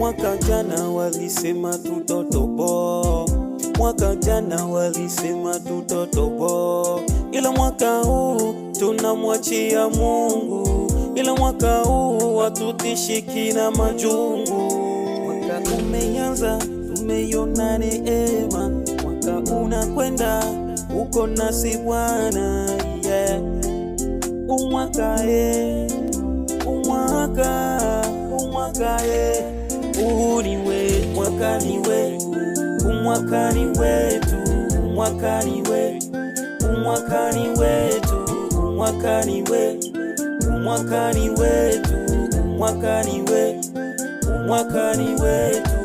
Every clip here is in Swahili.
Mwaka jana walisema tutotoboa, mwaka jana walisema tutotoboa, ila mwaka huu tunamwachia Mungu, ila mwaka huu watutishiki na majungu. Mwaka umeanza tumeiona neema, mwaka unakwenda uko nasi Bwana, yeah. umwaka e, umwaka umwaka e umwakani we umwakani wetu umwakani we umwakani wetu umwakani we umwakani wetu umwakani we umwakani wetu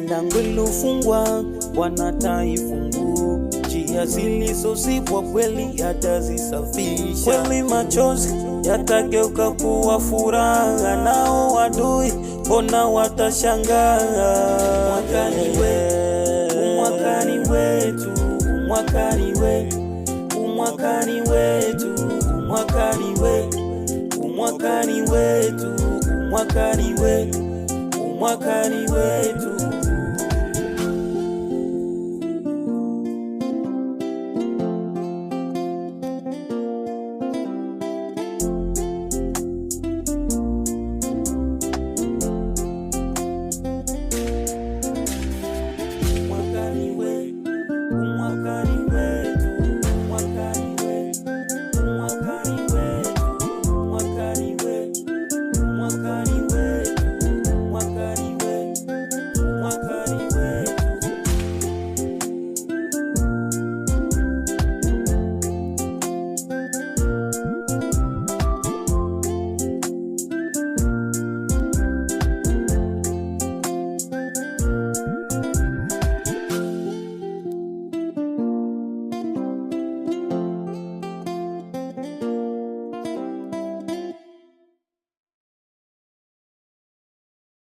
Milango ilofungwa Bwana ataifungua, njia zilizozibwa kweli atazisafisha. Kweli machozi yatageuka kuwa furaha, nao adui mbona watashangaa. Mwakani wetu, mwakani wetu, mwakani wetu, mwakani wetu, mwakani wetu, mwakani wetu, mwakani wetu, mwakani wetu